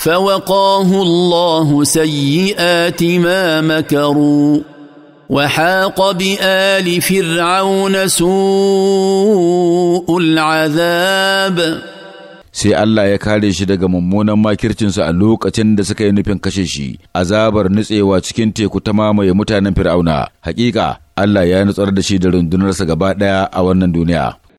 فوقاه الله سيئات ما مكروا وحاق بال فرعون سوء العذاب sai Allah ya kare shi daga mummunan makircinsu a lokacin da suka yi nufin kashe shi azabar nutsewa cikin teku ta mamaye mutanen fir'auna hakika Allah ya nutsar da shi da rundunarsa gaba ɗaya a wannan duniya